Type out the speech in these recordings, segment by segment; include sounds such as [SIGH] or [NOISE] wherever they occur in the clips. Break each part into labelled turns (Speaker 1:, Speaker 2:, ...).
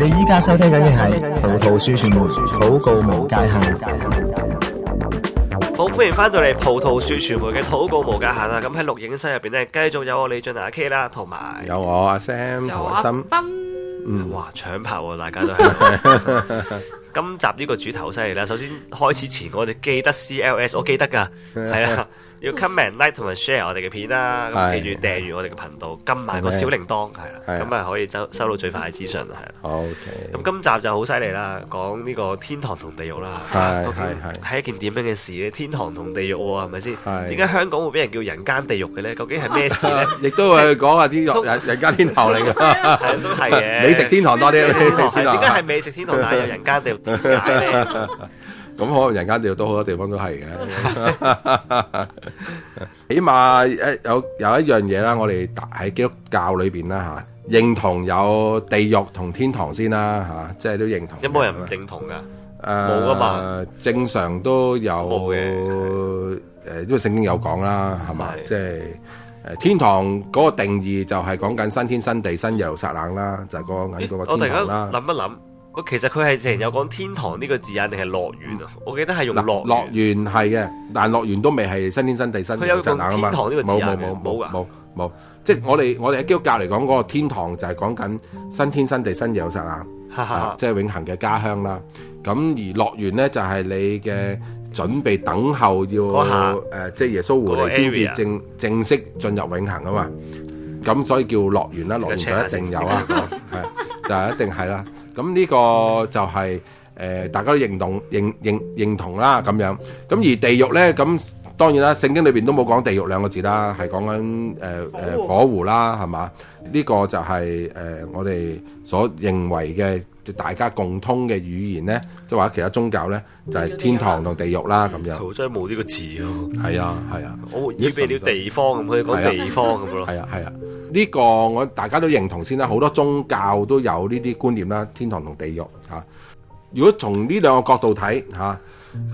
Speaker 1: 你依家收聽緊嘅係葡萄樹傳媒禱告無界限，好歡迎翻到嚟葡萄樹傳媒嘅禱告無界限啊！咁喺錄影室入邊呢，繼續有我李俊阿 K 啦，同埋
Speaker 2: 有我阿 Sam 同阿森，哇，搶拍，大家都係。嗯、 [LAUGHS]
Speaker 1: 今集呢個主題好犀利啦，首先開始前我哋記得 CLS，我記得噶，係啊、 [LAUGHS] 嗯。 [LAUGHS] 要 comment like 同埋 share 我哋嘅片啦，咁記住訂閱我哋嘅頻道，撳埋個小鈴鐺，係啦，咁啊可以收到最快嘅資訊啦，係啦。OK，咁今集就好犀利啦，講呢個天堂同地獄啦，係一件點樣嘅事咧？天堂同地獄喎，係咪先？點解香港會俾人叫人間地獄嘅咧？究竟係咩事咧？亦都會講下啲人間天堂嚟嘅，都係嘅。美食天堂多啲，天堂。點解係美食天堂但係有人間地獄點解咧？
Speaker 2: 咁可能人間度都好多地方都係嘅，起碼一有有一樣嘢，啦，我哋喺基督教裏邊啦吓，認同有地獄同天堂先啦吓，即係都認同。有冇
Speaker 1: 人唔認同噶？
Speaker 2: 冇噶嘛，正常都有嘅。誒，因為聖經有講啦，係嘛，即係誒天堂嗰個定義就係講緊新天新地，新耶路撒冷啦，就係個引嗰個天堂啦。
Speaker 1: 諗一諗。其實佢係成日有講天堂呢個字眼，定係
Speaker 2: 樂園啊？我記得係用樂園，樂園係嘅，但樂園都未係新天新地新嘅有啊嘛。冇冇冇冇冇冇，的即係我哋我哋喺基督教嚟講嗰個天堂就係講緊新天新地新有神哈啊，即、就、係、是、永恆嘅家鄉啦。咁而樂園咧就係、是、你嘅準備等候要誒，即係、啊就是、耶穌回嚟先至正正式進入永恆噶嘛。咁、啊嗯、所以叫樂園啦，樂園就一定有啊，係哈 [LAUGHS] 就係一定係啦、啊。咁呢個就係、是、誒、呃，大家都認同認認認同啦，咁樣。咁而地獄咧，咁當然啦，聖經裏邊都冇講地獄兩個字啦，係講緊誒誒火湖啦，係嘛？呢、這個就係、是、誒、呃、我哋所認為嘅。大家共通嘅語言咧，即係話其他宗教咧，就係、是、天堂同地獄啦咁樣。真係冇呢個字喎。係 [MUSIC] 啊，係啊。我預備啲
Speaker 1: 地方去講地方咁
Speaker 2: 咯。係 [MUSIC] 啊，係啊。呢、啊啊啊啊這個我大家都認同先啦、啊。好多宗教都有呢啲觀念啦，天堂同地獄嚇、啊。如果從呢兩個角度睇嚇，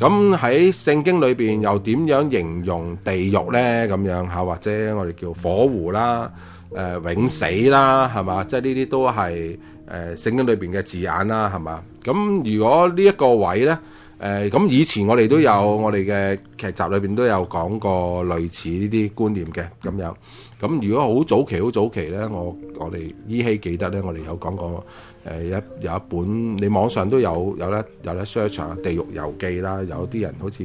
Speaker 2: 咁喺聖經裏邊又點樣形容地獄咧？咁樣嚇、啊，或者我哋叫火湖啦、誒、呃、永死啦，係嘛？即係呢啲都係。誒聖、呃、經裏邊嘅字眼啦，係嘛？咁如果呢一個位咧，誒、呃、咁以前我哋都有、嗯、我哋嘅劇集裏邊都有講過類似呢啲觀念嘅咁樣。咁如果好早期好早期咧，我我哋依稀記得咧，我哋有講過。誒有有一本你網上都有有咧有咧 search 下《地獄遊記》啦，有啲人好似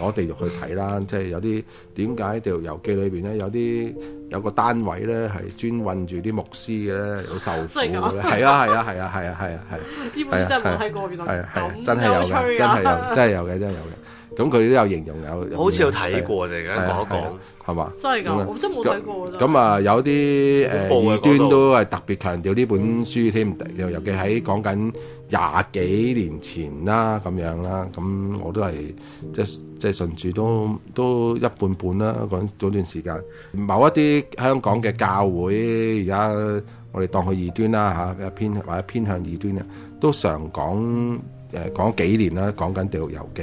Speaker 2: 攞地獄去睇啦，即係有啲，點解《地獄遊記》裏邊咧有啲有個單位咧係專運住啲牧師嘅咧，有受苦嘅咧，係啊係啊係啊係啊係啊係，呢
Speaker 3: 本書真係冇睇過邊度講，真係有嘅，真係
Speaker 2: 有嘅，真係有嘅。咁佢都有形容有，有，好似有睇過。我哋而家講一講，係嘛？真係㗎，我真冇睇過咁啊，有啲誒異端都係特別強調呢本書添，嗯、尤其喺講緊廿幾年前啦，咁樣啦。咁我都係即即順住都都一半半啦。嗰嗰段時間，某一啲香港嘅教會而家我哋當佢異端啦嚇、啊，偏或者偏向異端咧，都常講誒講幾年啦，講緊《地獄遊記》。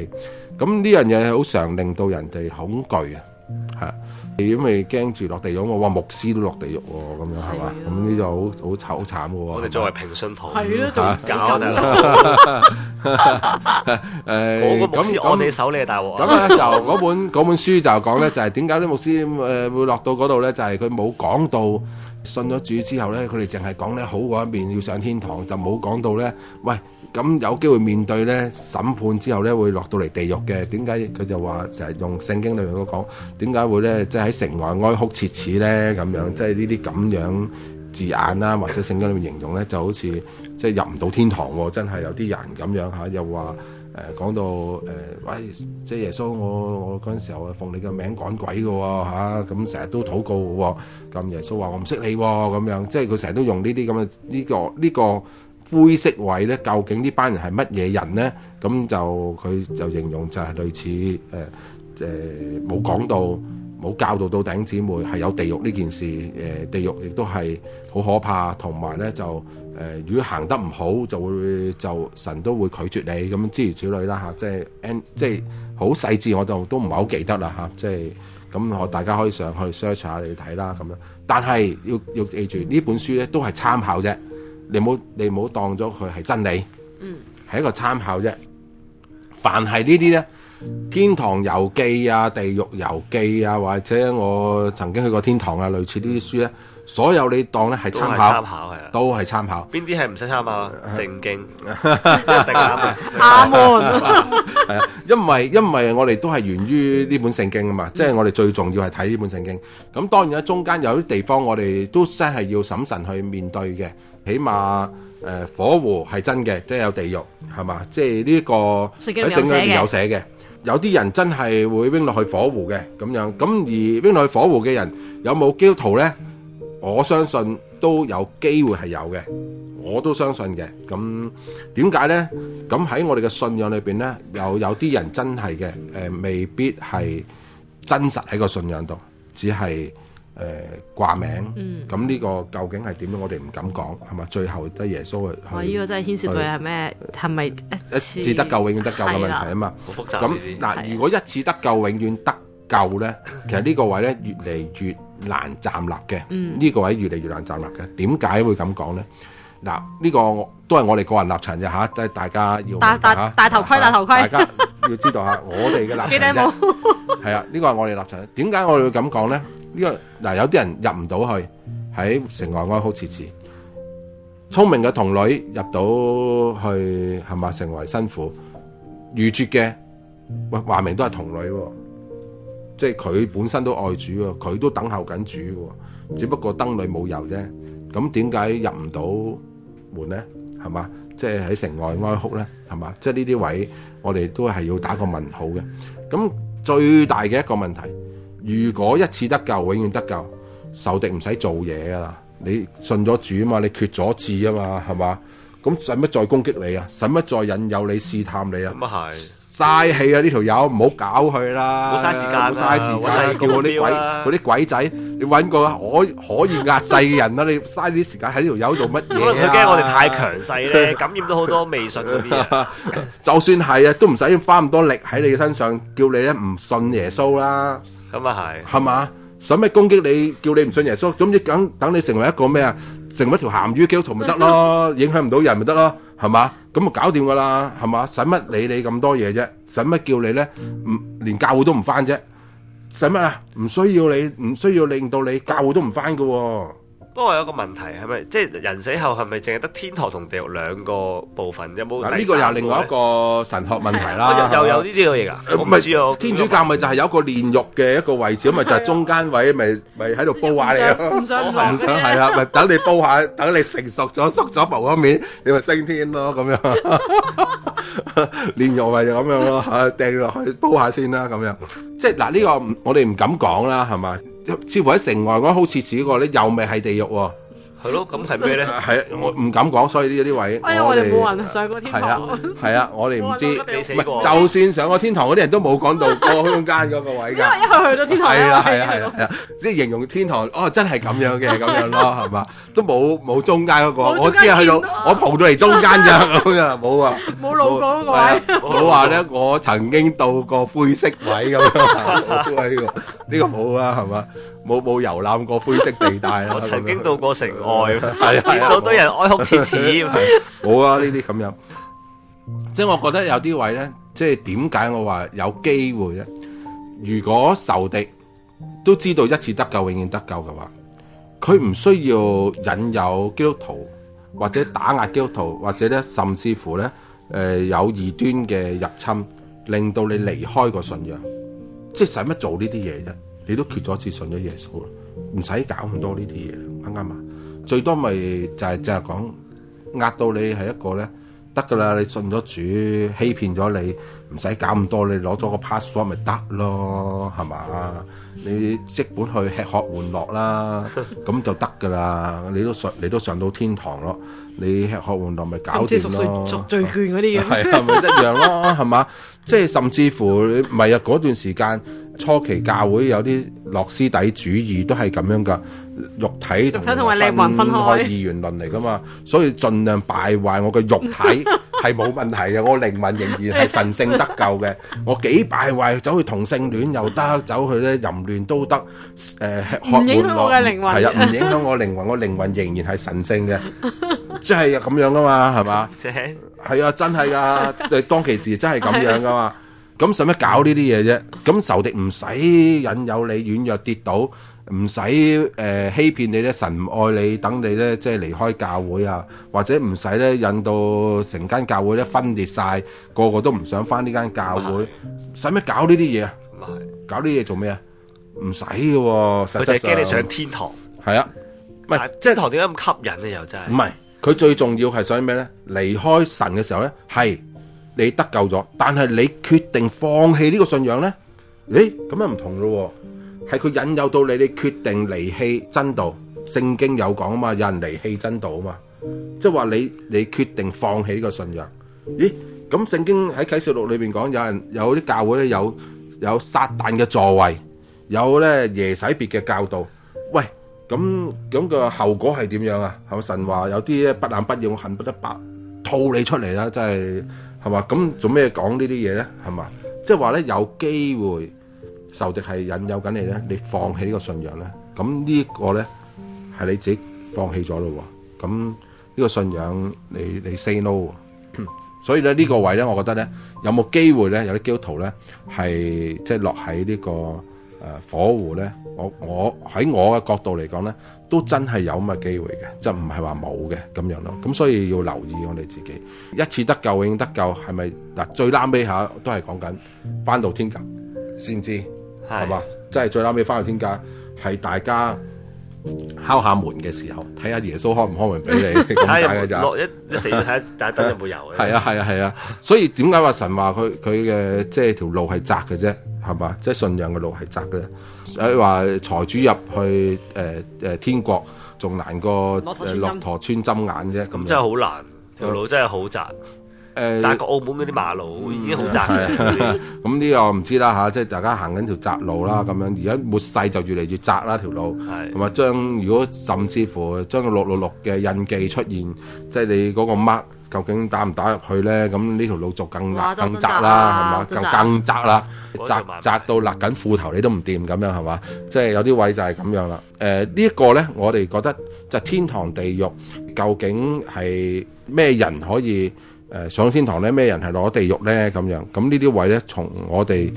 Speaker 2: 咁呢樣嘢係好常令到人哋恐懼啊，嚇！因為驚住落地獄喎，話牧師都落地獄喎，咁樣係嘛？咁呢就好好慘好慘嘅喎。我哋作為平信徒，
Speaker 4: 係咧，
Speaker 1: 仲
Speaker 2: 搞啊！誒，我個牧師按你
Speaker 1: 手，你係大鑊。咁咧就
Speaker 2: 嗰本嗰本書就講咧，就係點解啲牧師誒會落到嗰度咧？就係佢冇講到。信咗主之後咧，佢哋淨係講咧好嗰一面要上天堂，就冇講到咧，喂咁有機會面對咧審判之後咧會落到嚟地獄嘅。點解佢就話成日用聖經裡面講點解會咧即係喺城外哀哭切齒咧咁樣，即係呢啲咁樣字眼啦，或者聖經裡面形容咧就好似即係入唔到天堂喎，真係有啲人咁樣嚇，又話。誒、呃、講到誒、呃，喂，即係耶穌，我我嗰陣時候啊，奉你嘅名趕鬼嘅喎，咁成日都禱告嘅喎，咁、嗯、耶穌話我唔識你喎、哦，咁樣，即係佢成日都用呢啲咁嘅呢個呢、這個灰色位咧，究竟呢班人係乜嘢人咧？咁、嗯、就佢就形容就係類似誒誒冇講到。冇教導到弟兄姊妹係有地獄呢件事，誒、呃、地獄亦都係好可怕，同埋咧就誒、呃，如果行得唔好，就會就神都會拒絕你咁諸如此類啦嚇、啊，即係即係好細緻，我就都唔係好記得啦嚇、啊，即係咁我大家可以上去 search 下你睇啦咁樣。但係要要記住呢本書咧都係參考啫，你冇你冇當咗佢係真理，嗯，係一個參考啫。凡係呢啲咧。天堂遊記啊，地獄遊記啊，或者我曾經去過天堂啊，類似呢啲書咧、啊，所有你當咧係參考，參考係都係參考。
Speaker 1: 邊啲係唔使參考？聖經一定啱嘅，啱啊，係啊，啊 [LAUGHS] 因，
Speaker 2: 因為因為我哋都係源於呢本聖經啊嘛，即係、嗯、我哋最重要係睇呢本聖經。咁當然咧，中間有啲地方我哋都真係要審慎去面對嘅，起碼誒火湖係真嘅，即、就、係、是、有地獄係嘛，即係呢個喺聖經裏邊有寫嘅。有啲人真係會拎落去火湖嘅咁樣，咁而拎落去火湖嘅人有冇基督徒咧？我相信都有機會係有嘅，我都相信嘅。咁點解咧？咁喺我哋嘅信仰裏邊咧，又有啲人真係嘅，誒、呃、未必係真實喺個信仰度，只係。誒，掛名，咁呢個究竟係點樣？我哋唔敢講，係嘛？最後都係耶穌去。哦，呢個真係牽涉到係
Speaker 5: 咩？係咪一次得救，永遠得救嘅問題啊嘛？
Speaker 2: 好複雜。咁嗱，如果一次得救，永遠得救咧，其實呢個位咧越嚟越難站立嘅。嗯，呢個位越嚟越難站立嘅。點解會咁講咧？嗱，呢個都係我哋個人立場啫，吓，即係大家要戴戴戴頭盔，戴頭盔。 [LAUGHS] 要知道吓，我哋嘅立場係 [LAUGHS] 啊，呢個係我哋立場。點解我哋會咁講咧？呢、這個嗱、啊，有啲人入唔到去喺城外哀哭切齒，聰明嘅童女入到去係咪成為辛苦遇絕嘅？話明都係童女喎、哦，即係佢本身都愛主喎、哦，佢都等候緊主喎、哦，只不過燈裏冇油啫。咁點解入唔到門咧？係嘛、就是，即係喺城外哀哭咧？係嘛，即係呢啲位。我哋都係要打個問號嘅，咁最大嘅一個問題，如果一次得救，永遠得救，仇敵唔使做嘢噶啦，你信咗主啊嘛，你決咗志啊嘛，係嘛，咁使乜再攻擊你啊？使乜再引誘你試探你啊？咁係。嘥氣啊！呢條友唔好搞佢啦，冇嘥時間、啊，嘥時間、啊，叫我啲鬼、嗰啲 [LAUGHS] 鬼仔，你揾個可可以壓制嘅人啦、啊！你嘥啲時間喺呢條友做乜嘢、啊？佢驚 [LAUGHS] 我哋太強勢咧，感
Speaker 1: 染到好多未信嗰啲。 [LAUGHS] [LAUGHS]
Speaker 2: [LAUGHS] 就算係啊，都唔使花咁多力喺你身上，叫你咧唔信耶穌啦。咁啊係，係嘛？使乜攻擊你？叫你唔信耶穌，總之等等你成為一個咩啊？成為一條鹹魚嘅基督徒咪得咯？影響唔到人咪得咯？係嘛？咁就搞掂噶啦，係嘛？使乜理你咁多嘢啫？使乜叫你咧？唔連教會都唔返啫？使乜啊？唔需要你，唔需要令到你教會都唔返噶喎。
Speaker 1: 不過有個問題，係咪即係人死後係咪淨係得天堂同地獄兩個部分？有冇？嗱呢個又係另外一個神學問題啦。又有呢啲嘢噶？唔係
Speaker 2: 天主教咪就係有一個煉獄嘅一個位置，咪就係中間位，咪咪喺度煲下你咯。唔想唔想係啊？咪等你煲下，等你成熟咗縮咗浮嗰面，你咪升天咯。咁樣煉獄咪就咁樣咯。掟落去煲下先啦。咁樣即係嗱呢個我哋唔敢講啦，係咪？似乎喺城外，好似似過咧，又未係地獄哦。
Speaker 1: 係咯，咁係咩咧？係啊，
Speaker 2: 我唔敢講，所以呢啲位我
Speaker 5: 哋冇
Speaker 2: 上過天堂。係啊，係啊，我哋唔知。就算上過天堂嗰啲人都冇講到過中間嗰個位噶，因為
Speaker 5: 一去去咗天堂。係啊，係啊，係啊。
Speaker 2: 即係形容天堂哦，真係咁樣嘅咁樣咯，係嘛？都冇冇中間嗰個，我只係去到我蒲到嚟，中間咋咁嘅，冇啊，
Speaker 4: 冇老過嗰個位，冇話咧，
Speaker 2: 我曾經到過灰色位咁樣，呢個呢個冇啊，係嘛？冇冇遊覽過灰色地帶咯？ [LAUGHS] 我曾經到過城外，係啊，見到，好多人哀哭切齒。冇啊，呢啲咁樣，即係我覺得有啲位咧，即係點解我話有機會咧？如果仇敵都知道一次得救，永遠得救嘅話，佢唔需要引誘基督徒，或者打壓基督徒，或者咧，甚至乎咧，誒有異端嘅入侵，令到你離開個信仰，即係使乜做呢啲嘢啫？你都決咗次信咗耶穌啦，唔使搞咁多呢啲嘢。啱啱啊？最多咪就係、是、就係、是、講呃到你係一個咧，得㗎喇，你信咗主，欺騙咗你，唔使搞咁多，你攞咗個 password 咪得咯，係嘛？你即管去吃喝玩樂啦，咁就得噶啦，你都上你都上到天堂咯。你吃喝玩樂咪搞掂咯，贖
Speaker 5: 罪券嗰啲嘢係咪一
Speaker 2: 樣咯？係嘛？ [LAUGHS] 即係甚至乎，唔係啊？嗰段時間初期教會有啲諾斯底主義都係咁樣噶，肉體同埋，靈魂分開二元論嚟噶嘛，所以盡量敗壞我嘅肉體。 [LAUGHS] 係冇問題嘅，我靈魂仍然係神聖得救嘅。我幾敗壞，走去同性戀又得，走去咧淫亂都得。誒，學滿路係啊，唔影響我靈魂。我靈魂仍然係神聖嘅，即係咁樣噶嘛，係嘛？係啊，真係噶，對，當其時真係咁樣噶嘛。咁使乜搞呢啲嘢啫？咁仇敵唔使引誘你軟弱跌倒。唔使誒，欺騙你咧，神唔愛你，等你咧即係離開教會啊，或者唔使咧引到成間教會咧分裂晒，個個都唔想翻呢間教會，使咩唔係搞呢啲嘢啊？搞呢啲嘢做咩啊？唔使嘅，佢就係驚你上天堂。係啊，
Speaker 1: 唔係，天堂點解咁吸引咧？又真係唔
Speaker 2: 係，佢最重要係想咩咧？離開神嘅時候咧，係你得救咗，但係你決定放棄呢個信仰咧，誒，咁又唔同咯。係佢引誘到你，你決定離棄真道。聖經有講啊嘛，有人離棄真道啊嘛，即係話你你決定放棄呢個信仰。咦？咁聖經喺啟示錄裏邊講，有人有啲教會咧有有撒旦嘅座位，有咧耶洗別嘅教導。喂，咁咁嘅後果係點樣啊？係神話有啲不冷不熱，我恨不得白吐你出嚟啦？真係係嘛？咁做咩講呢啲嘢咧？係嘛？即係話咧有機會。仇敵係引誘緊你咧，你放棄呢個信仰咧，咁、這個、呢個咧係你自己放棄咗咯，咁呢個信仰你你 say no，、啊、 [COUGHS] 所以咧呢、這個位咧，我覺得咧有冇機會咧，有啲基督徒咧係即係落喺呢、這個誒、呃、火湖咧，我我喺我嘅角度嚟講咧，都真係有咁嘅機會嘅，即係唔係話冇嘅咁樣咯，咁所以要留意我哋自己一次得救永遠得救，係咪嗱最 last 尾嚇都係講緊翻到天國先知。係嘛，即係最拉尾翻去天家，係大家敲下門嘅時候，睇下耶穌開唔開門俾你咁解嘅就。落 [LAUGHS] 一不 [LAUGHS] 一死睇
Speaker 1: 打燈有冇油嘅。係 [LAUGHS] 啊
Speaker 2: 係啊係啊，啊，所以點解話神話佢佢嘅即係條路係窄嘅啫，係嘛，即、就、係、是、信仰嘅路係窄嘅。誒話財主入去誒誒、呃呃、天國，仲難過駱駝穿針眼啫。咁
Speaker 1: 真係好難，條路真係好窄。嗯誒，窄過澳門嗰啲馬路已經好窄，
Speaker 2: 咁呢個我唔知啦吓，即係大家行緊條窄路啦，咁樣而家末世就越嚟越窄啦條路，同埋將如果甚至乎將個六六六嘅印記出現，即係你嗰個 mark 究竟打唔打入去咧？咁呢條路就更更窄啦，係嘛？更更窄啦，窄窄到勒緊褲頭你都唔掂咁樣係嘛？即係有啲位就係咁樣啦。誒呢一個咧，我哋覺得就天堂地獄，究竟係咩人可以？誒、呃、上天堂咧，咩人係攞地獄咧？咁樣咁呢啲位咧，從我哋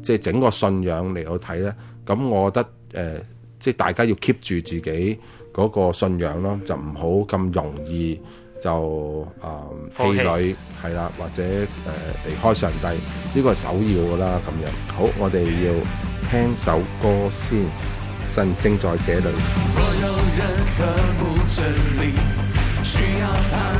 Speaker 2: 即係整個信仰嚟到睇咧，咁我覺得誒、呃，即係大家要 keep 住自己嗰個信仰咯，就唔好咁容易就誒、呃、氣，氣餒係啦，或者誒、呃、離開上帝，呢、這個係首要噶啦咁樣。好，我哋要聽首歌先，神正在這裏。若
Speaker 4: 有人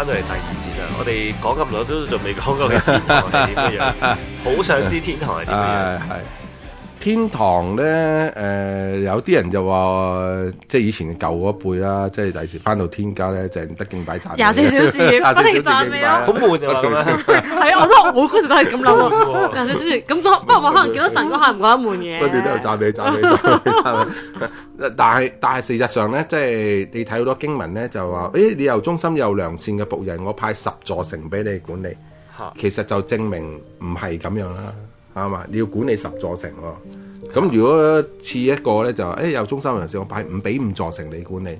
Speaker 1: 翻到嚟第二節啦，我哋講咁耐都仲未講過嘅天堂係點樣，好 [LAUGHS] 想知天堂係點樣。
Speaker 2: [LAUGHS] [NOISE] 天堂咧，誒、呃、有啲人就話，即係以前舊嗰一輩啦，即係第時翻到天家咧，淨得勁擺攤廿四小時，廿四小時攤咩好悶就話咩？係啊 Okay.、
Speaker 3: 哎，我都好
Speaker 2: 嗰時都係咁諗，廿四小
Speaker 5: 時咁多，不過可能見到神嗰下唔覺得悶嘅。不
Speaker 2: 斷喺度攤嘢攤嘢，但係但係事實上咧，即係你睇好多經文咧，就話誒、哎，你又忠心又良善嘅僕人，我派十座城俾你管理，其實就證明唔係咁樣啦。係嘛？你要管理十座城喎、哦，咁、嗯嗯、如果次一個咧就，誒、哎、有忠心人士，我擺五畀五座城你管理，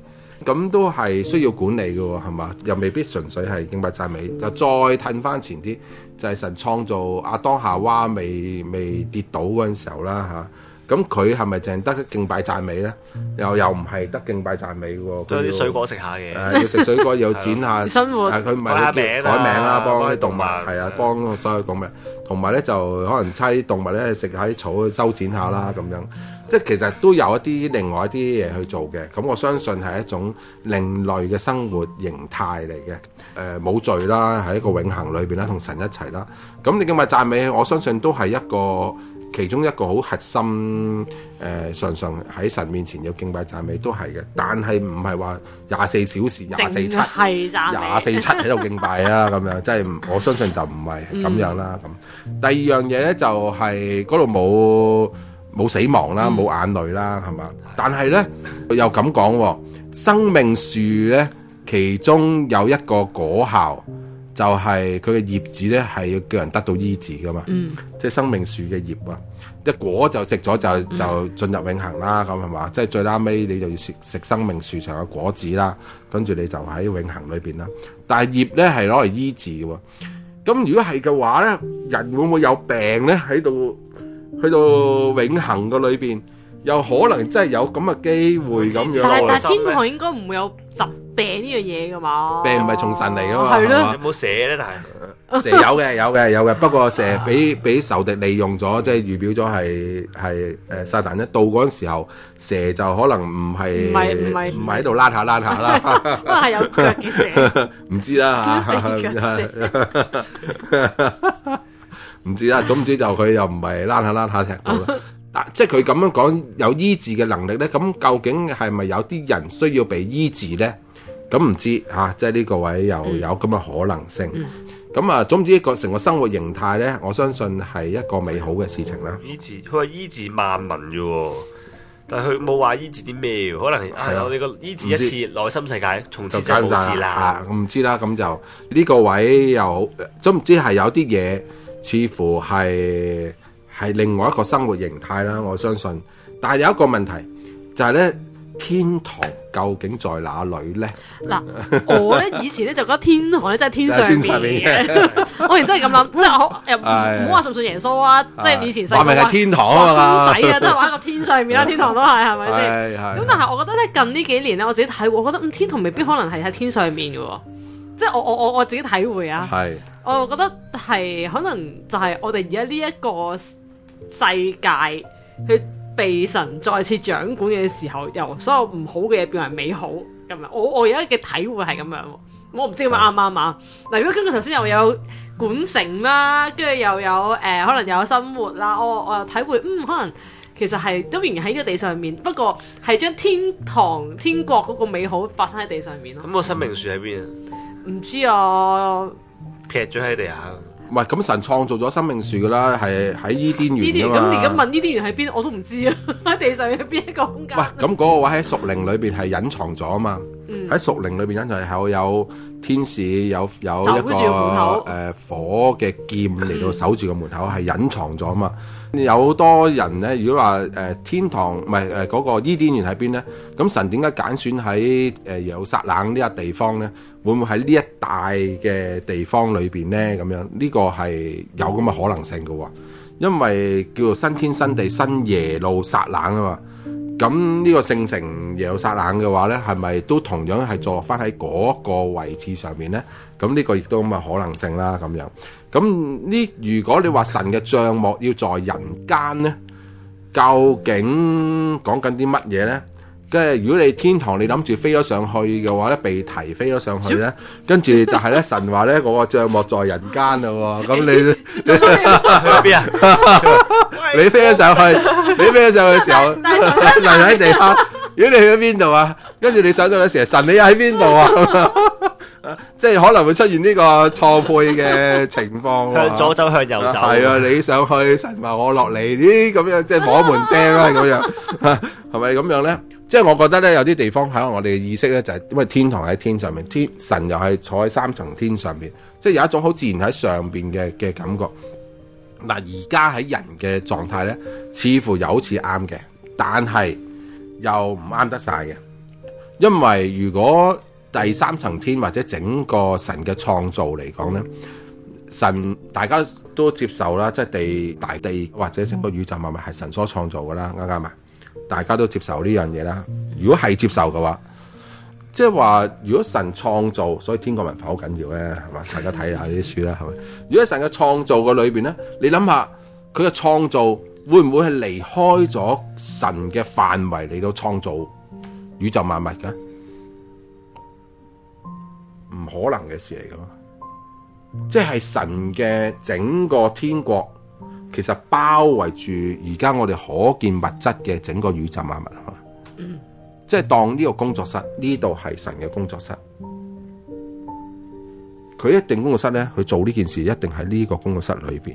Speaker 2: 咁、嗯、都係需要管理嘅、哦，係嘛？又未必純粹係敬拜讚美，嗯、就再褪翻前啲，就係、是、神創造阿、啊、當夏娃未未跌倒嗰陣時候啦，嚇、啊。咁佢係咪淨係得敬拜讚美咧？又又唔係得敬拜讚美喎，有啲水果食下嘅，誒要食水果又剪下，誒佢唔係改改名啦，幫啲動物，係啊，幫所有講咩，同埋咧就可能差啲動物咧食下啲草去修剪下啦咁樣，即係其實都有一啲另外一啲嘢去做嘅。咁我相信係一種另類嘅生活形態嚟嘅，誒冇罪啦，喺一個永恆裏邊啦，同神一齊啦。咁你敬拜讚美，我相信都係一個。其中一個好核心誒，呃，常常喺神面前有敬拜讚美都係嘅，但係唔係話廿四小時廿四七
Speaker 5: 廿四七喺度敬拜
Speaker 2: 啊，咁 [LAUGHS] 樣，即係我相信就唔係咁樣啦咁，嗯。第二樣嘢咧就係嗰度冇冇死亡啦，冇、嗯、眼淚啦，係嘛？但係咧 [LAUGHS] 又咁講喎，生命樹咧其中有一個果效。就係佢嘅葉子咧，係要叫人得到醫治噶嘛，嗯、即係生命樹嘅葉啊！一果就食咗就就進入永恆啦，咁係嘛？即係最啱尾你就要食食生命樹上嘅果子啦，跟住你就喺永恆裏邊啦。但係葉咧係攞嚟醫治喎。咁如果係嘅話咧，人會唔會有病咧？喺度去到永恆嘅裏邊？又可能真係有咁嘅機會咁樣，但係但係天
Speaker 5: 堂應該唔會有疾病呢樣嘢嘅嘛？
Speaker 2: 病唔係從神嚟嘅嘛？係咯，有冇蛇咧？但係蛇有嘅，有嘅，有嘅。不過蛇俾俾仇敵利用咗，即係預表咗係係誒撒旦一到嗰陣時候，蛇就可能唔係唔係喺度拉下拉下啦，可能係
Speaker 3: 有蛇，
Speaker 2: 唔知啦吓，唔知啦。總之就佢又唔係拉下拉下踢到啦。嗱，即係佢咁樣講有醫治嘅能力咧，咁究竟係咪有啲人需要被醫治咧？咁唔知吓、啊，即係呢個位又有咁嘅可能性。咁啊、嗯，總之個成個生活形態咧，我相信係一個美好嘅事情啦、哦。醫
Speaker 1: 治，佢話醫治萬民啫，但係佢冇話醫治啲咩，可能係係、啊、我哋個醫治一次內心世界，從此就冇事啦。我
Speaker 2: 唔、啊、知啦，咁就呢、這個位又，總唔知係有啲嘢，似乎係係另外一個生活形態啦，我相信。但係有一個問題就係咧，天堂究竟在哪裏咧？
Speaker 5: 嗱，我咧以前咧就覺得天堂咧真係天上面嘅，我原真係咁諗，即係好唔好話信唔信耶穌啊，即係以前細個玩咪喺天堂啊，公仔啊，即係玩個天上面啦，天堂都係，係咪先？咁但係我覺得咧，近呢幾年咧，我自己睇，我覺得天堂未必可能係喺天上面嘅，即係我我我我自己體會啊，係，我覺得係可能就係我哋而家呢一個。世界去被神再次掌管嘅時候，由所有唔好嘅嘢變為美好咁樣，我我而家嘅體會係咁樣，我唔知咁樣啱唔啱。嗱、嗯，如果跟住頭先又有，有管城啦，跟住又有誒、呃，可能又有生活啦，我我又體會，嗯，可能其實係都仍然喺呢個地上面，不過係將天堂、天國嗰個美好發生喺地上面咯。咁個
Speaker 1: 生命樹喺邊啊？
Speaker 5: 唔知啊，
Speaker 1: 劈咗喺地下。
Speaker 2: 唔係咁神創造咗生命樹噶啦，係喺伊甸園啊嘛。咁你而家問
Speaker 5: 伊甸園喺邊，我都唔知啊。喺 [LAUGHS] 地上係邊一個空
Speaker 2: 間？唔咁嗰個位喺屬靈裏邊係隱藏咗啊嘛。喺屬靈裏邊隱藏有有天使，有有一個誒、呃、火嘅劍嚟到守住個門口，係隱、嗯、藏咗啊嘛。有好多人咧，如果話誒、呃、天堂唔係誒嗰個伊甸園喺邊咧，咁神點解揀選喺誒耶路撒冷呢一地方咧？會唔會喺呢一帶嘅地方裏邊咧？咁樣呢個係有咁嘅可能性㗎喎，因為叫做新天新地新耶路撒冷啊嘛。咁呢個聖城耶路撒冷嘅話呢係咪都同樣係坐落翻喺嗰個位置上面呢？咁呢個亦都咁嘅可能性啦。咁樣咁呢？如果你話神嘅帳幕要在人間呢，究竟講緊啲乜嘢呢？即係如果你天堂你諗住飛咗上去嘅話咧，被提飛咗上去咧，跟住但係咧神話咧，嗰個帳幕在人間嘞喎，咁你你去邊啊？飛咗上去，你飛咗上去嘅時候，留喺地下。如果你去咗邊度啊？跟住你上到嘅時候，神你又喺邊度啊？即係可能會出現呢個錯配嘅情況。向左走，向右走。係啊，你上去神話我落嚟啲咁樣，即係摸門釘啦咁樣，係咪咁樣咧？即係我覺得咧，有啲地方喺我哋嘅意識咧，就係因為天堂喺天上面，天神又係坐喺三層天上面，即係有一種好自然喺上邊嘅嘅感覺。嗱，而家喺人嘅狀態咧，似乎又好似啱嘅，但係又唔啱得晒嘅。因為如果第三層天或者整個神嘅創造嚟講咧，神大家都接受啦，即係地大地或者整個宇宙物咪係神所創造噶啦，啱唔啱啊？大家都接受呢樣嘢啦，如果係接受嘅話，即係話如果神創造，所以天國文化好緊要咧，係嘛？大家睇下呢啲書啦，係咪？如果神嘅創造嘅裏邊咧，你諗下佢嘅創造會唔會係離開咗神嘅範圍嚟到創造宇宙萬物嘅？唔可能嘅事嚟噶嘛？即係神嘅整個天國。其實包圍住而家我哋可見物質嘅整個宇宙萬物啊，嗯、即係當呢個工作室呢度係神嘅工作室，佢一定工作室咧，佢做呢件事，一定喺呢個工作室裏邊。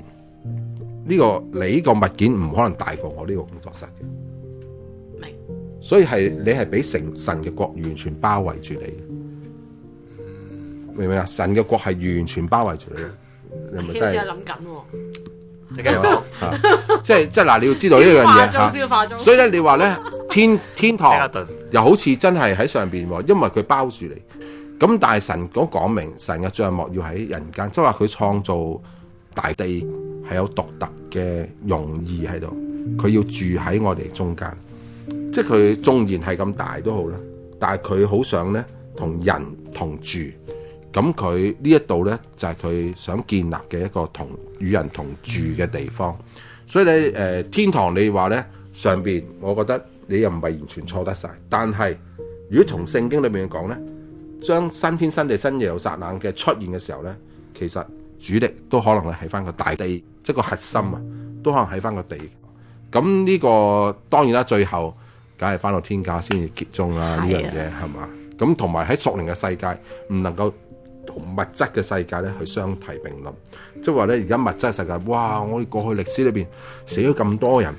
Speaker 2: 呢、這個你個物件唔可能大過我呢個工作室嘅，
Speaker 5: 明
Speaker 2: 白？所以係你係俾成神嘅國完全包圍住你，明唔明啊？神嘅國係完全包圍住你，啊、你開始諗緊。啊即係即係嗱，你要知道呢樣嘢，所以咧，你話咧，天天堂又好似真係喺上邊，因為佢包住你。咁大神講講明，神嘅帳幕要喺人間，即係話佢創造大地係有獨特嘅用意喺度，佢要住喺我哋中間。即係佢縱然係咁大都好啦，但係佢好想咧同人同住。咁佢呢一度呢，就係、是、佢想建立嘅一個同與人同住嘅地方。所以咧，誒、呃，天堂你話呢，上邊，我覺得你又唔係完全錯得晒。但係如果從聖經裏面講呢，將新天新地新耶路撒冷嘅出現嘅時候呢，其實主力都可能係喺翻個大地，即、就、係、是、個核心啊，都可能喺翻個地。咁呢、這個當然啦，最後梗係翻到天價先至結束啦、啊，呢樣嘢係嘛？咁同埋喺屬靈嘅世界，唔能夠。同物質嘅世界咧，去相提並論，即係話咧，而家物質世界，哇！我哋過去歷史裏邊死咗咁多人，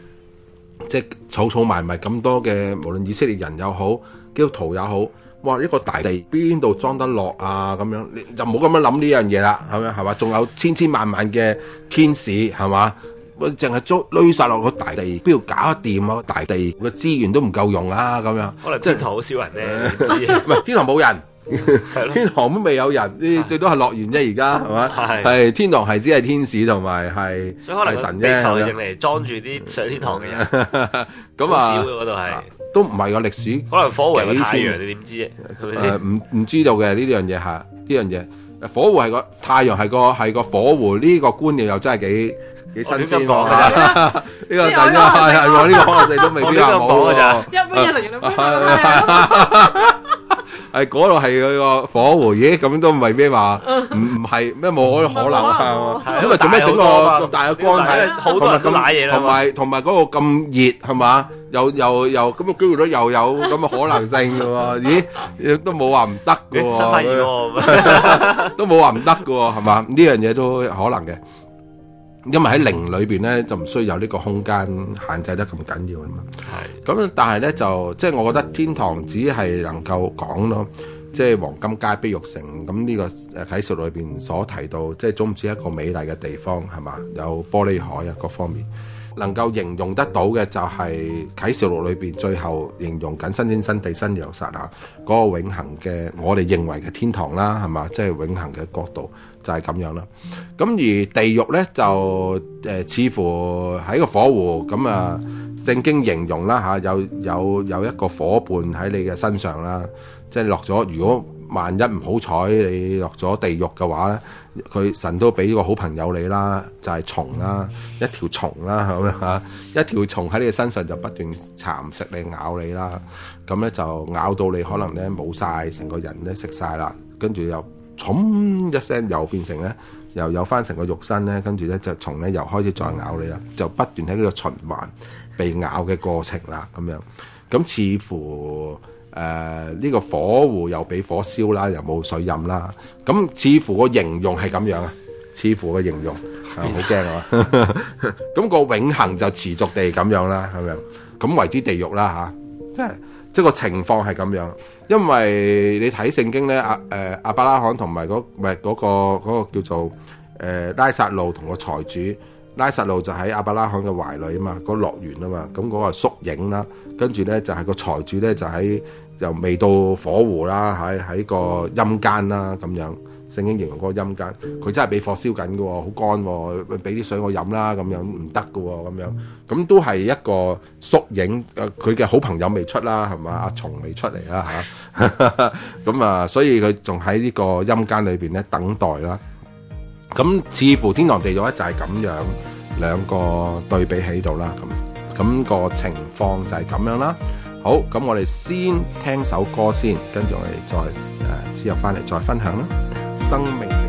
Speaker 2: 即係草草埋埋咁多嘅，無論以色列人又好，基督徒又好，哇！一個大地邊度裝得落啊？咁樣你就冇咁樣諗呢樣嘢啦，咁樣係嘛？仲有千千萬萬嘅天使係嘛？我淨係將攏曬落個大地，邊度搞掂啊？大地個資源都唔夠用啊？咁樣可能 [LAUGHS] 天堂好少人咧，唔係天堂冇人。 [LAUGHS] 天堂都未有人，呢最多係樂園啫。而家係嘛，係的天堂係只係天使同埋係，所以可能神啫。的球就
Speaker 1: 裝住啲上天堂嘅人
Speaker 2: 咁 [LAUGHS] 那啊。度係都唔係個歷史，可能火狐係個太陽，你點
Speaker 1: 知啊？唔
Speaker 2: 唔知道嘅呢樣嘢吓，呢樣嘢火狐係個太陽係個係個火狐呢、這個觀念又真係幾幾新鮮、 [LAUGHS] 啊、個、就是。呢個係我呢個可能你都未必有冇嘅係嗰度係嗰個火爐，咦，咁都唔係話
Speaker 3: 唔
Speaker 4: 唔
Speaker 2: 係咩冇嗰啲可能啊？咁啊做咩整個咁大嘅光係同埋咁瀨嘢啦？同埋同埋嗰個咁熱係嘛？又又又咁啊，居然都又有咁嘅可能性嘅喎？咦，都冇話唔得㗎喎，都冇話唔得㗎喎，係嘛？呢樣嘢都可能嘅。因為喺靈裏邊咧，就唔需要有呢個空間限制得咁緊要啦嘛。係的。咁但係咧，就即係我覺得天堂只係能夠講咯，即係黃金街、碧玉城咁，呢個誒喺啟示裏邊所提到，即係總唔止一個美麗嘅地方係嘛，有玻璃海啊各方面。能夠形容得到嘅就係喺《啟示錄》裏邊最後形容緊新天新地新陽實啊，嗰個永恆嘅我哋認為嘅天堂啦，係嘛？即、就、係、是、永恆嘅國度就係、是、咁樣啦。咁而地獄呢，就誒、呃，似乎喺個火湖咁啊，聖經形容啦嚇、啊，有有有一個伙伴喺你嘅身上啦，即、就、係、是、落咗如果。萬一唔好彩，你落咗地獄嘅話咧，佢神都俾個好朋友你啦，就係蟲啦，一條蟲啦，咁嚇，一條蟲喺你嘅身上就不斷蠶食你、咬你啦。咁咧就咬到你可能咧冇晒，成個人咧食晒啦，跟住又重一聲又變成咧，又有翻成個肉身咧，跟住咧就蟲咧又開始再咬你啦，就不斷喺呢個循環被咬嘅過程啦，咁樣，咁似乎。誒呢、呃這個火湖又俾火燒啦，又冇水飲啦，咁、啊、似乎個形容係咁樣啊，似乎個形容好驚 [LAUGHS] 啊，咁 [LAUGHS] 個永恆就持續地咁樣啦，係咪？咁為之地獄啦吓、啊？即係即係個情況係咁樣，因為你睇聖經咧阿誒阿伯拉罕同埋嗰唔係嗰個叫做誒、啊、拉撒路同個財主，拉撒路就喺阿伯拉罕嘅懷裏啊嘛，嗰個樂園啊嘛，咁、那、嗰個縮影啦，跟住咧就係個財主咧就喺。又未到火湖啦，喺喺個陰間啦咁樣，聖經形容嗰個陰間，佢真係俾火燒緊嘅喎，好乾，俾啲水我飲啦咁樣，唔得嘅喎咁樣，咁都係一個縮影，誒佢嘅好朋友未出啦，係嘛？阿、啊、松未出嚟啦吓。咁啊、 [LAUGHS] 嗯，所以佢仲喺呢個陰間裏邊咧等待啦，咁似乎天堂地獄就係咁樣兩個對比起度啦，咁咁、咁個情況就係咁樣啦。好，咁我哋先聽首歌先，跟住我哋再，誒，之後翻嚟
Speaker 6: 再分享啦。生命。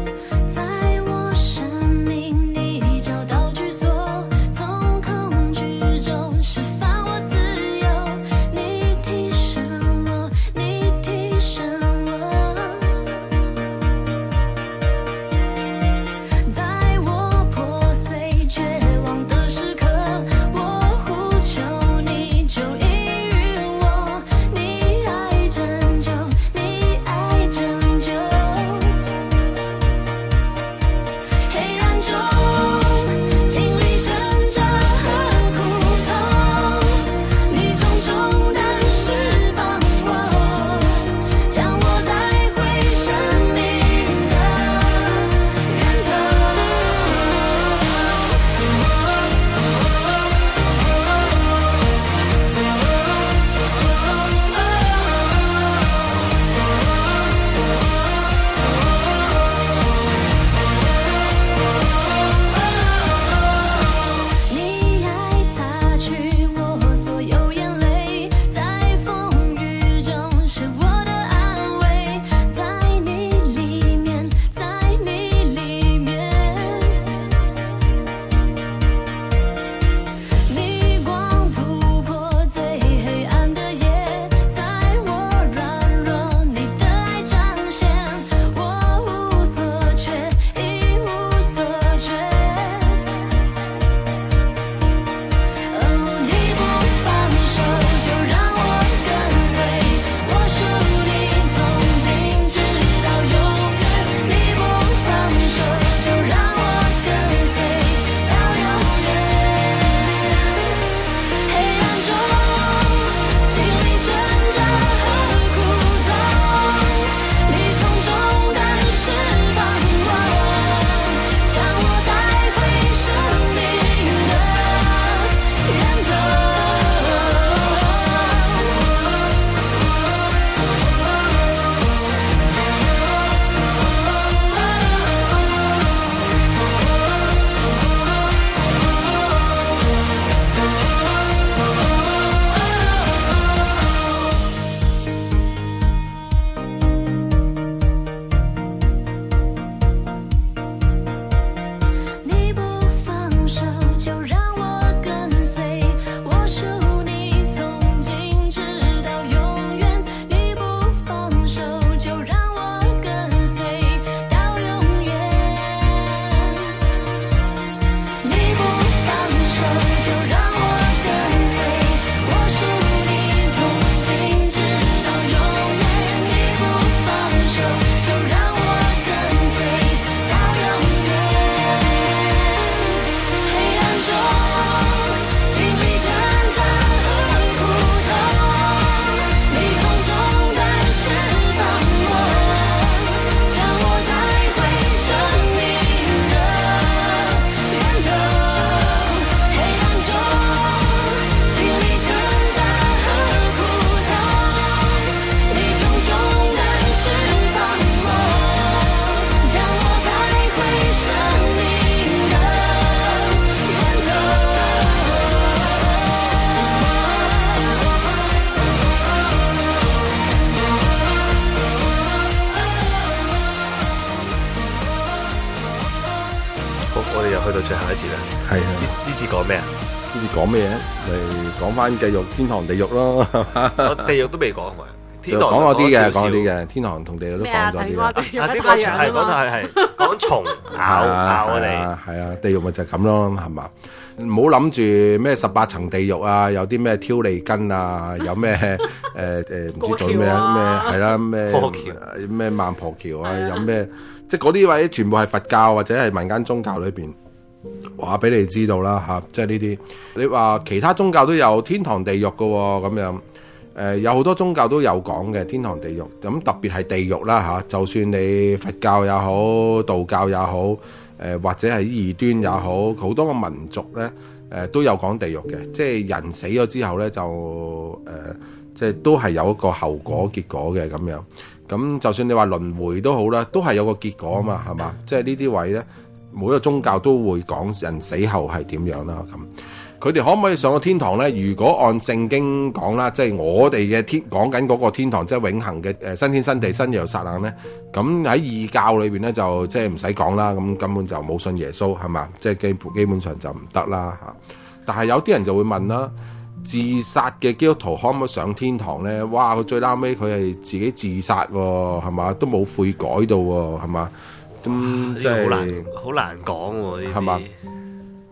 Speaker 2: 繼續天堂地獄咯，我
Speaker 1: 地
Speaker 2: 獄都未講過，講咗啲嘅，講啲嘅，天堂同地獄都講咗啲嘅，
Speaker 1: 係講蟲咬咬我哋，
Speaker 2: 係啊，地獄咪就咁咯，係嘛，唔好諗住咩十八層地獄，欸、啊，有啲咩挑脷根啊，有咩誒誒唔知做咩咩係啦咩咩孟婆橋啊，有咩即係嗰啲位全部係佛教或者係民間宗教裏邊。話俾你知道啦嚇、啊，即係呢啲你話其他宗教都有天堂地獄嘅喎、哦，咁樣誒、呃、有好多宗教都有講嘅天堂地獄，咁、嗯、特別係地獄啦嚇、啊。就算你佛教也好，道教也好，誒或者係異端也好，好多個民族咧誒、呃、都有講地獄嘅、嗯呃，即係人死咗之後咧就誒，即係都係有一個後果結果嘅咁樣。咁、嗯、就算你話輪迴都好啦，都係有個結果啊嘛，係嘛、嗯？即係、就是、呢啲位咧。每一個宗教都會講人死後係點樣啦咁，佢哋可唔可以上個天堂咧？如果按聖經講啦，即係我哋嘅天講緊嗰個天堂，即係永恆嘅誒新天新地、新耶路撒冷咧。咁喺異教裏邊咧，就即係唔使講啦，咁根本就冇信耶穌係嘛，即係基基本上就唔得啦吓。但係有啲人就會問啦，自殺嘅基督徒可唔可以上天堂咧？哇，佢最撈尾佢係自己自殺係嘛，都冇悔改到係嘛？咁即係好難，
Speaker 1: 好難講喎。係嘛？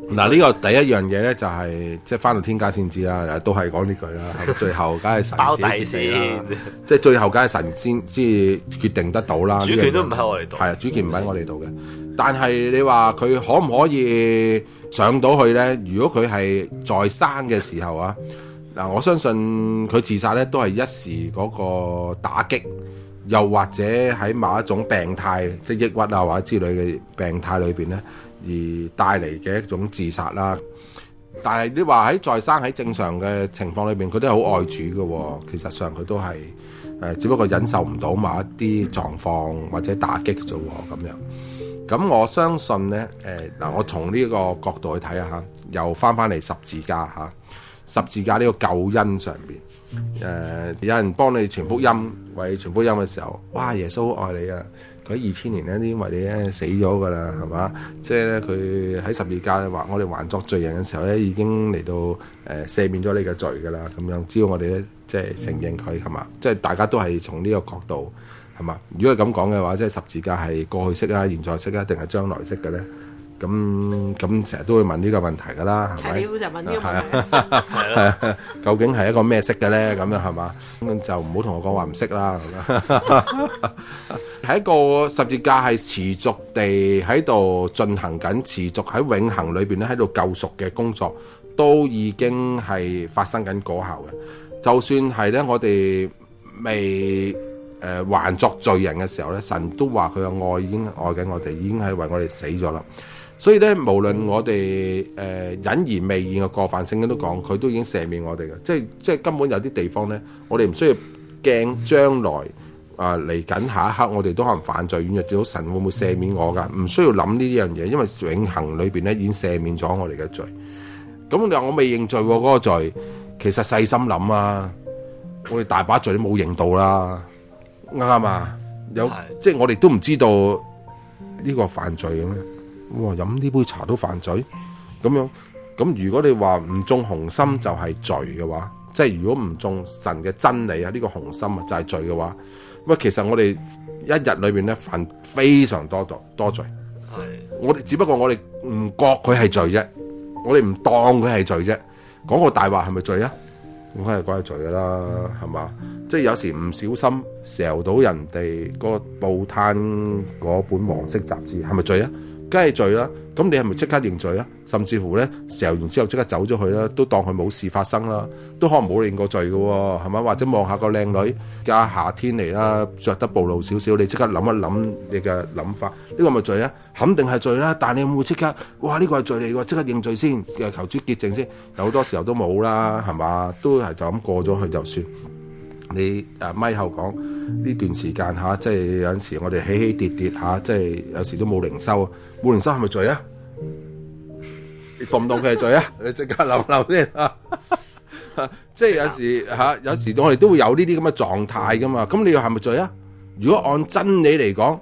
Speaker 2: 嗱，呢個第一樣嘢咧，就係即係翻到天界先知啦，都係講呢句啦。最後，梗係神包底先，即係最後梗係神先先決定得到啦。主權都唔喺我哋度，係主權唔喺我哋度嘅。但係你話佢可唔可以上到去咧？如果佢係在生嘅時候啊，嗱，我相信佢自殺咧都係一時嗰個打擊。又或者喺某一種病態，即係抑鬱啊或者之類嘅病態裏邊呢，而帶嚟嘅一種自殺啦、啊。但係你話喺在生喺正常嘅情況裏邊，佢都係好愛主嘅、哦。其實上佢都係誒、呃，只不過忍受唔到某一啲狀況或者打擊啫喎咁樣。咁我相信呢。誒、欸、嗱，我從呢個角度去睇下，又翻翻嚟十字架嚇、啊，十字架呢個救恩上邊。誒、呃、有人幫你傳福音，為傳福音嘅時候，哇！耶穌愛你啊！佢二千年呢，因為你咧死咗噶啦，係嘛？即係咧，佢喺十字架話我哋還作罪人嘅時候咧，已經嚟到誒赦、呃、免咗你嘅罪噶啦，咁樣只要我哋咧即係承認佢係嘛？即係大家都係從呢個角度係嘛？如果係咁講嘅話，即係十字架係過去式啊、現在式啊，定係將來式嘅咧？咁咁成日都會問呢個問題㗎啦，係咪？係啊，係啊， [LAUGHS] [LAUGHS] [LAUGHS] 究竟係一個咩色嘅咧？咁樣係嘛？咁就唔好同我講話唔識啦。係 [LAUGHS] [LAUGHS] 一個十字架，係持續地喺度進行緊，持續喺永恆裏邊咧喺度救贖嘅工作，都已經係發生緊果效嘅。就算係咧，我哋未誒還作罪人嘅時候咧，神都話佢嘅愛已經愛緊我哋，已經係為我哋死咗啦。所以咧，無論我哋誒隱而未現嘅過犯聖經都講，佢都已經赦免我哋嘅，即係即係根本有啲地方咧，我哋唔需要驚將來啊，嚟緊下一刻，我哋都可能犯罪，軟弱到神會唔會赦免我噶？唔需要諗呢啲樣嘢，因為永恆裏邊咧已經赦免咗我哋嘅罪。咁你話我未認罪嗰個罪，其實細心諗啊，我哋大把罪都冇認到啦，啱啊！有即係我哋都唔知道呢個犯罪嘅咩？哇！飲呢杯茶都犯罪咁樣咁樣，如果你話唔中紅心就係罪嘅話，即係如果唔中神嘅真理啊呢、呢個紅心啊就係罪嘅話，喂，其實我哋一日裏邊咧犯非常多多多罪。係是我哋只不過我哋唔覺佢係罪啫，我哋唔當佢係罪啫。講個大話係咪罪啊？梗係講係罪噶啦，係嘛？即係有時唔小心 sell 到人哋嗰個報攤嗰本黃色雜誌，係咪罪啊？梗係罪啦，咁你係咪即刻認罪啊？甚至乎咧，成完之後即刻走咗去啦，都當佢冇事發生啦，都可能冇認過罪嘅，係咪？或者望下個靚女，而家夏天嚟啦，着得暴露少少，你即刻諗一諗你嘅諗法，這個、是是呢個咪罪啊？肯定係罪啦，但係你有冇即刻哇？呢、這個係罪嚟嘅，即刻認罪先，又求主潔淨先。好多時候都冇啦，係嘛？都係就咁過咗去就算。你誒麥、啊、後講呢段時間嚇、啊，即係有陣時我哋起起跌跌嚇、啊，即係有時都冇靈修。布連係咪罪啊？你當唔當佢係罪啊？你 [LAUGHS] [LAUGHS] [LAUGHS] 即刻諗諗先。即係有時吓、 [LAUGHS] 啊，有時我哋都會有呢啲咁嘅狀態噶嘛。咁你又係咪罪啊？如果按真理嚟講，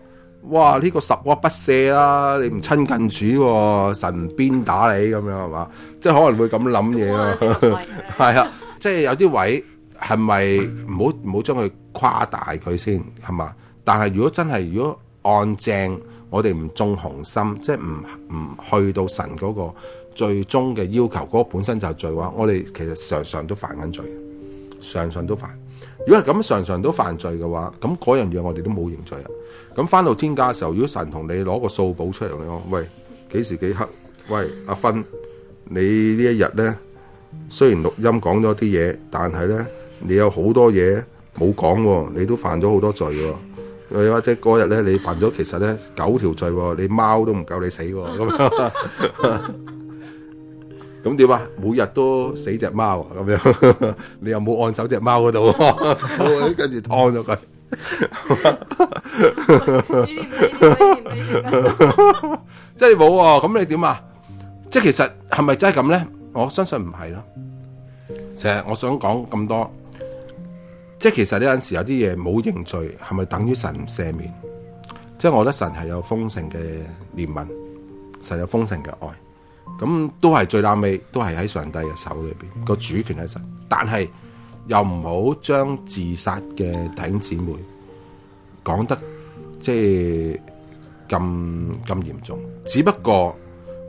Speaker 2: 哇！呢、這個十惡不赦啦、啊，你唔親近主、啊，神鞭打你咁樣係嘛？即係可能會咁諗嘢咯。係 [LAUGHS] [LAUGHS] 啊，即係有啲位係咪唔好唔好將佢誇大佢先係嘛？但係如果真係如果按正。我哋唔中紅心，即係唔唔去到神嗰個最終嘅要求，嗰個本身就係罪話。我哋其實常常都犯緊罪，常常都犯。如果係咁常常都犯罪嘅話，咁嗰樣嘢我哋都冇認罪啊。咁翻到天家嘅時候，如果神同你攞個數簿出嚟講，喂，幾時幾刻，喂阿芬，你呢一日呢？雖然錄音講咗啲嘢，但係呢，你有好多嘢冇講，你都犯咗好多罪喎。又或者嗰日咧，你犯咗其實咧九條罪，你貓都唔夠你死，咁樣咁點啊？每日都死隻貓啊咁樣，你又冇按手隻貓嗰度，跟住劏咗佢，即係冇啊！咁你點啊？即係其實係咪真係咁咧？我相信唔係咯。成日我想講咁多。即係其實你有陣時有啲嘢冇認罪，係咪等於神赦免？即係我覺得神係有豐盛嘅憐憫，神有豐盛嘅愛，咁都係最爛尾，都係喺上帝嘅手裏邊，個主權喺神。但係又唔好將自殺嘅弟兄姊妹講得即係咁咁嚴重。只不過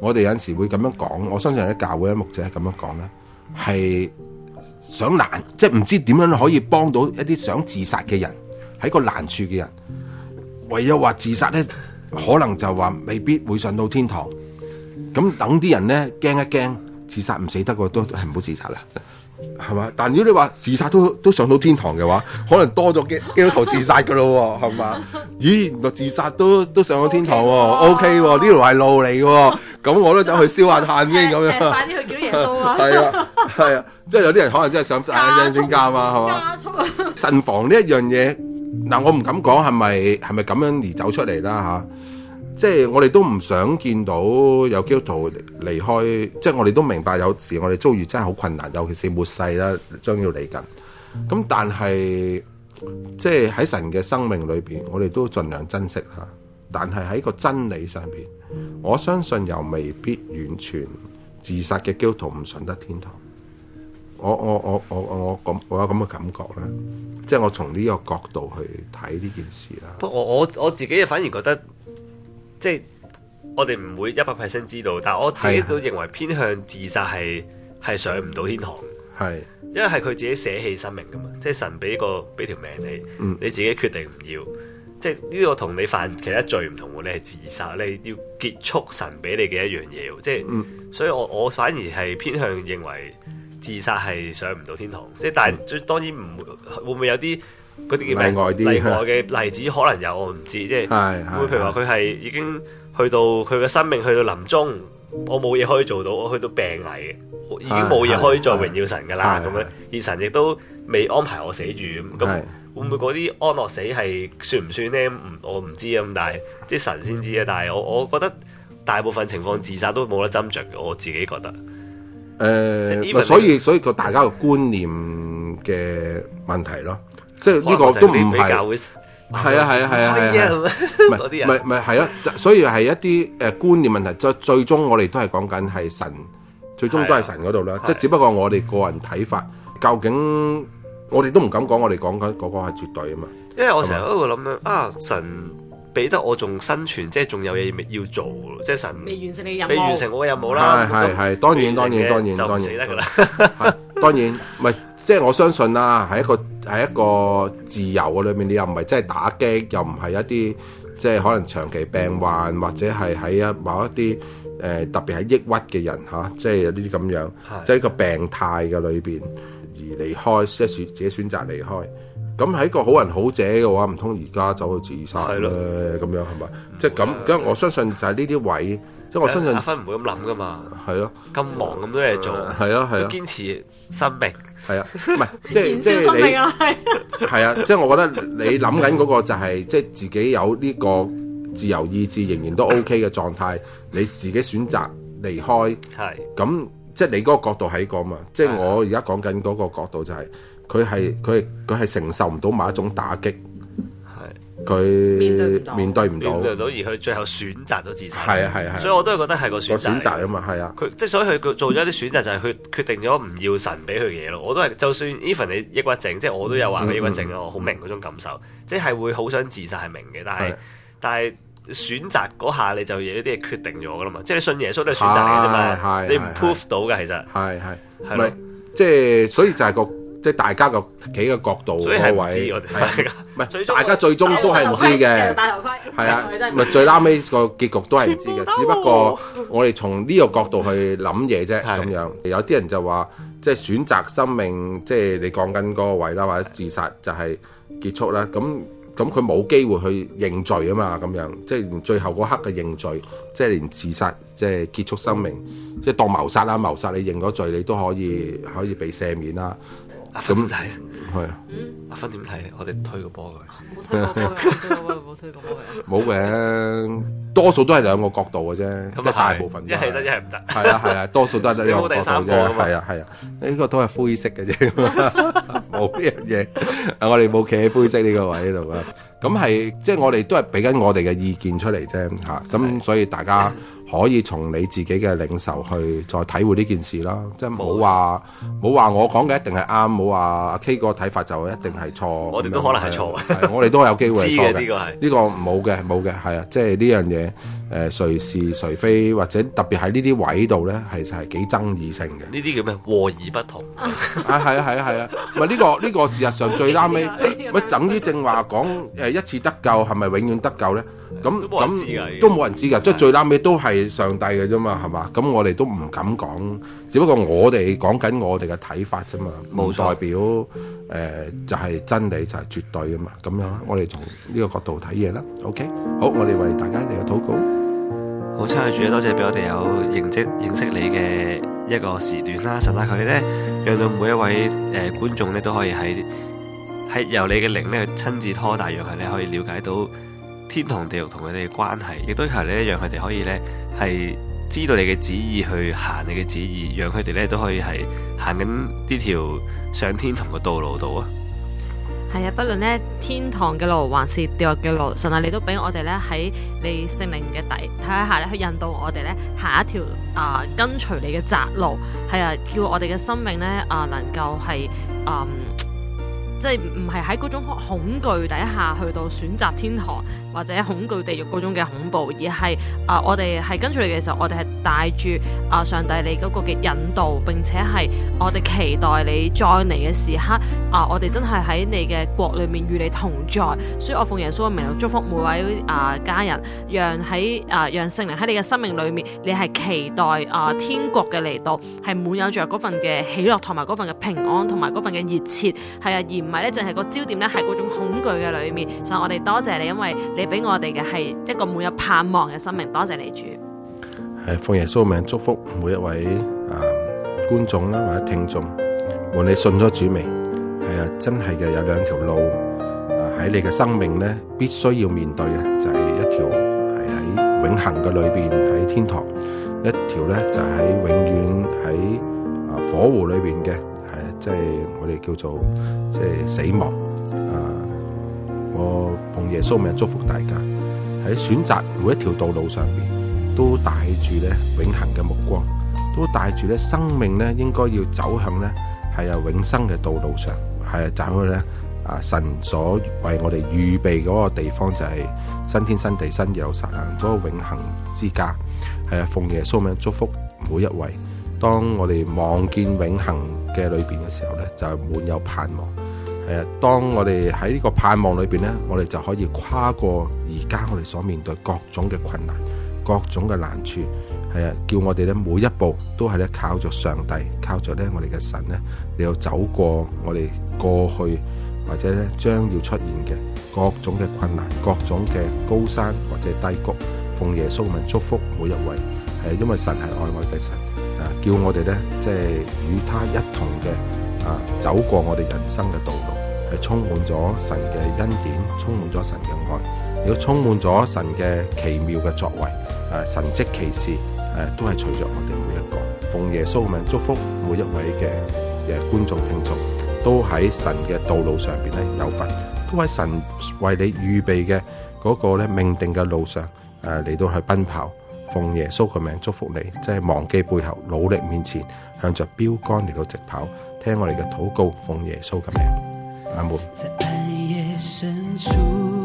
Speaker 2: 我哋有陣時會咁樣講，我相信喺教會嘅牧者咁樣講咧，係。想難即係唔知點樣可以幫到一啲想自殺嘅人，喺個難處嘅人，唯有話自殺咧，可能就話未必會上到天堂。咁等啲人咧驚一驚，自殺唔死得嘅都係唔好自殺啦，係嘛？但如果你話自殺都都上到天堂嘅話，可能多咗基基督徒自殺噶咯，係嘛？咦，原來自殺都都上咗天堂？OK，呢條係路嚟嘅，咁 [LAUGHS] 我都走去燒下炭先咁樣。快啲
Speaker 3: 去叫耶穌啊！笑 [LAUGHS]
Speaker 2: 係 [LAUGHS] 啊，家中 [LAUGHS] 啊，即係有啲人可能真係想嗌加速嘛，係嘛？加速啊！神房呢一樣嘢，嗱，我唔敢講係咪係咪咁樣而走出嚟啦吓。即係我哋都唔想見到有基督徒離開，即係我哋都明白有時我哋遭遇真係好困難，尤其是末世啦，啊，將要嚟緊。咁但係即係喺神嘅生命裏邊，我哋都盡量珍惜吓。但係喺個真理上邊，我相信又未必完全自殺嘅基督徒唔上得天堂。我我我我我咁我有咁嘅感覺咧，即係我從呢個角度去睇呢件事啦。
Speaker 1: 不過我，我我我自己反而覺得即係我哋唔會一百 percent 知道，但係我自己都認為偏向自殺係係的的上唔到天堂，係的，因為係佢自己捨棄生命噶嘛，即係神俾個俾條命你，嗯、你自己決定唔要，即係呢個同你犯其他罪唔同喎，你係自殺，你要結束神俾你嘅一樣嘢即係，嗯、所以我我反而係偏向認為。自殺係上唔到天堂，即係但係當然唔會會唔會有啲啲叫例外啲例外嘅例子可能有，我唔知即係會譬如話佢係已經去到佢嘅生命去到臨終，我冇嘢可以做到，我去到病危
Speaker 3: 嘅，已經冇嘢可以
Speaker 1: 再榮耀神㗎啦咁樣，是是是是是而神亦都未安排我死住咁，咁會唔會嗰啲安樂死係算唔算呢？我唔知咁，但係即係神先知啊！但係我我覺得大部分情況自殺都冇得斟酌，我自己覺得。
Speaker 2: 誒、呃甚，所以所以個大家個觀念嘅問題咯，即係呢個都唔係
Speaker 3: 係啊，係啊，係啊，係啊，係唔係
Speaker 2: 唔係係啊，所以係一啲誒、呃、觀念問題，最最終我哋都係講緊係神，最終都係神嗰度啦。啊、即係只不過我哋個人睇法，啊、究竟我哋都唔敢講，我哋講緊嗰個係絕對啊嘛。
Speaker 1: 因為我成日都會諗緊啊神，俾得我仲生存，即係仲有嘢要做，即係神
Speaker 5: 未完成你任務，未
Speaker 1: 完成我嘅任務啦。係係，
Speaker 2: 當然當然當然當然得噶啦。當然，唔係 [LAUGHS] 即係我相信啊，喺一個喺一個自由嘅裏面，你又唔係真係打擊，又唔係一啲即係可能長期病患，或者係喺一某一啲誒、呃、特別係抑鬱嘅人吓、啊，即係有啲咁樣，是即係呢個病態嘅裏邊而離開，即係選自己選擇離開。咁喺個好人好者嘅話，唔通而家走去自殺咧？咁樣係咪？即係咁，咁我相信就係呢啲位，即係我相信阿芬
Speaker 1: 唔會咁諗噶嘛。
Speaker 2: 係咯，咁忙咁多嘢做，係咯係咯，堅持生命係啊，唔係
Speaker 1: 即係即係
Speaker 3: 你
Speaker 2: 係啊，即係我覺得你諗緊嗰個就係即係自己有呢個自由意志，仍然都 OK 嘅狀態，你自己選擇離開係。咁即係你嗰個角度喺個嘛？即係我而家講緊嗰個角度就係。佢係佢佢係承受唔到某一種打擊，係佢面對唔到，面對
Speaker 1: 唔到，而佢最後選擇咗自殺。係啊，係所以我都係覺得係個選擇
Speaker 2: 啊嘛，係啊。佢
Speaker 1: 即係所以佢做咗一啲選擇，就係佢決定咗唔要神俾佢嘢咯。我都係，就算 even 你抑鬱症，即係我都有話佢抑鬱症啊，我好明嗰種感受，即係會好想自殺係明嘅，但係但係選擇嗰下你就有一啲嘢決定咗噶啦嘛，即係你信耶穌都係選擇嚟啫嘛，你唔 prove 到嘅其實
Speaker 2: 係係係即係所以就係個。即係大家個企個角度個位，
Speaker 6: 唔係大，大家最終都係唔知嘅。戴頭盔
Speaker 2: 係啊，咪 [LAUGHS] 最拉尾個結局都係唔知嘅。只不過我哋從呢個角度去諗嘢啫，咁 [LAUGHS] 的樣有啲人就話，即係選擇生命，即係你講緊嗰個位啦，或者自殺就係結束啦。咁咁佢冇機會去認罪啊嘛，咁樣即係最後嗰刻嘅認罪，即係連自殺，即係結束生命，即係當謀殺啦，謀殺你認咗罪，你都可以可以被赦免啦。咁睇，係
Speaker 1: 啊，阿芬點睇那、嗯？我哋推個波佢。冇睇
Speaker 2: 波嘅，冇波冇嘅，多數都係兩個角度嘅啫，即係就大部分。一係得，一係唔得。係啊係啊，多數都係得呢個角度。啫。係啊係啊，呢、啊這個都係灰色嘅啫，冇呢樣嘢。 [LAUGHS] 我哋冇企喺灰色呢個位度啦。咁係，即 [LAUGHS] 係、就是、我哋都係俾緊我哋嘅意見出嚟啫。吓的，咁所以大家。可以從你自己嘅領受去再體會呢件事啦，即係冇話冇話我講嘅一定係啱，冇話阿 K 個睇法就一定係錯。我哋都可能係錯是， [LAUGHS] 我哋都有機會錯知嘅，呢、呢個係呢個冇嘅冇嘅係啊，即係呢樣嘢。嗯誒，誰是誰非，或者特別喺呢啲位度咧，係係幾爭議性嘅。呢啲叫咩？和而不同。 [LAUGHS] 啊，係啊，係啊，係啊。唔係呢、呢個呢、呢個事實上最拉尾，喂，等於正話講，誒，一次得救係咪永遠得救咧？咁咁都冇人知噶，即係也為最拉尾都係上帝嘅啫嘛，係嘛？咁我哋都唔敢講，只不過我哋講緊我哋嘅睇法啫嘛，冇代表誒，就係真理就係絕對噶嘛。咁樣，我哋從呢個角度睇嘢啦。OK，好，我哋為大家嚟個禱告。
Speaker 1: 好，親愛的主啊，多謝俾我哋有認識認識你嘅一個時段啦，實在，佢哋咧讓到每一位誒、呃、觀眾咧都可以喺喺由你嘅靈咧去親自拖帶，讓佢哋可以了解到天堂地獄、地獄同佢哋嘅關係，亦都求你咧讓佢哋可以咧係知道你嘅旨意去行你嘅旨意，讓佢哋咧都可以係行緊呢條上天堂嘅道路度啊！
Speaker 5: 係啊，不論咧天堂嘅路還是地獄嘅路，神啊，你都俾我哋咧喺你性命嘅底睇一下咧，去引導我哋咧下一條啊、呃、跟隨你嘅窄路。係啊，叫我哋嘅生命咧啊、呃，能夠係啊，即係唔係喺嗰種恐懼底下去到選擇天堂。或者恐懼地獄嗰種嘅恐怖，而係啊、呃，我哋係跟住你嘅時候，我哋係帶住啊、呃、上帝你嗰個嘅引導，並且係我哋期待你再嚟嘅時刻啊、呃，我哋真係喺你嘅國裏面與你同在。所以我奉耶穌嘅名祝福每位啊、呃、家人，讓喺啊、呃、讓聖靈喺你嘅生命裏面，你係期待啊、呃、天國嘅嚟到，係滿有著嗰份嘅喜樂同埋嗰份嘅平安同埋嗰份嘅熱切，係啊，而唔係咧，淨係個焦點咧喺嗰種恐懼嘅裏面。就我哋多謝、謝你，因為你。俾我哋嘅係一個沒有盼望嘅生命，多謝你主。
Speaker 2: 係奉耶穌名祝福每一位啊觀眾啦或者聽眾。願你信咗主未？係啊，真係嘅有兩條路啊喺你嘅生命咧，必須要面對嘅就係一條係喺永恆嘅裏邊喺天堂，一條咧就喺永遠喺啊火湖裏邊嘅，係啊，即係我哋叫做即係死亡。耶穌名祝福大家，喺選擇每一條道路上邊，都帶住咧永恆嘅目光，都帶住咧生命咧應該要走向咧係由永生嘅道路上，係啊，走去咧啊神所為我哋預備嗰個地方就係新天新地新有神行咗個永恆之家。係奉耶穌名祝福每一位，當我哋望見永恆嘅裏邊嘅時候咧，就係滿有盼望。係當我哋喺呢個盼望裏邊呢，我哋就可以跨過而家我哋所面對各種嘅困難、各種嘅難處，係啊，叫我哋咧每一步都係咧靠著上帝、靠著咧我哋嘅神呢，你要走過我哋過去或者咧將要出現嘅各種嘅困難、各種嘅高山或者低谷，奉耶穌名祝福每一位，係因為神係愛我哋嘅神啊，叫我哋呢，即係與他一同嘅。啊！走過我哋人生嘅道路，係充滿咗神嘅恩典，充滿咗神嘅愛，亦都充滿咗神嘅奇妙嘅作為。誒，神跡奇事誒，都係隨着我哋每一個。奉耶穌嘅名祝福每一位嘅嘅觀眾聽眾，都喺神嘅道路上邊咧有份，都喺神為你預備嘅嗰個咧命定嘅路上誒嚟到去奔跑。奉耶穌嘅名祝福你，即係忘記背後，努力面前，向着標杆嚟到直跑。聽我哋嘅禱告，奉耶穌嘅名，阿門。在暗夜深處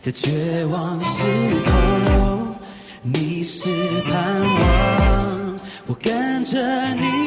Speaker 4: 在絕望時候，你是盼望，我跟着你。